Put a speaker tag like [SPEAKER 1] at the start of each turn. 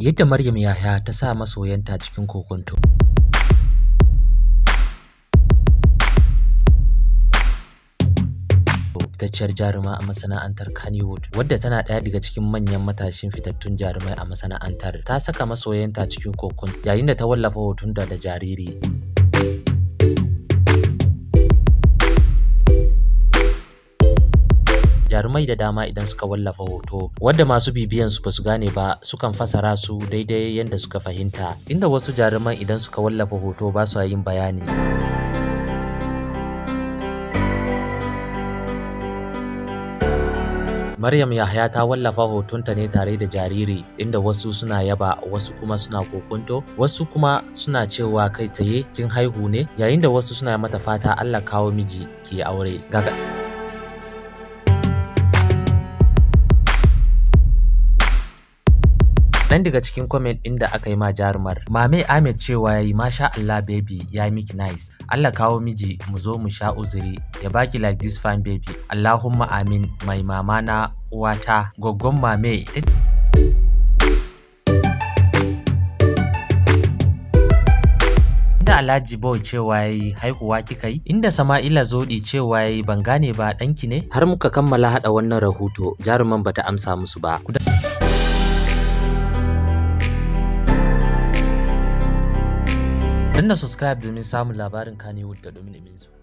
[SPEAKER 1] yadda Maryam Yahya ta sa masoyanta cikin kokonto. fitacciyar jaruma a masana'antar Kannywood wadda tana ɗaya daga cikin manyan matashin fitattun jarumai a masana'antar ta saka masoyanta cikin kokon yayin da ta wallafa hoton da jariri. jarumai da dama idan suka wallafa hoto wadda masu bibiyan su basu gane ba sukan fasara su daidai yadda suka fahimta inda wasu jaruman idan suka wallafa hoto ba su yin bayani Maryam Yahya ta wallafa hotonta ne tare da jariri inda wasu suna yaba wasu kuma suna kokonto wasu kuma suna cewa kai tsaye kin haihu ne yayin da wasu suna mata fata Allah kawo miji ki aure. Gaga. Nan daga cikin comment ɗin da aka yi ma jarumar. Mame Ahmed cewa yayi masha Allah baby ya yi miki nice. Allah kawo miji mu zo mu sha uzuri ya baki like this fine baby. Allahumma amin mai mama na uwata gwaggon mame. inda Alhaji Boy cewa yayi haihuwa kika yi inda Sama'ila Zodi cewa yi ban gane ba danki ne har muka kammala haɗa wannan rahoto jaruman bata amsa musu ba danna subscribe domin samun labarin kane da domin su.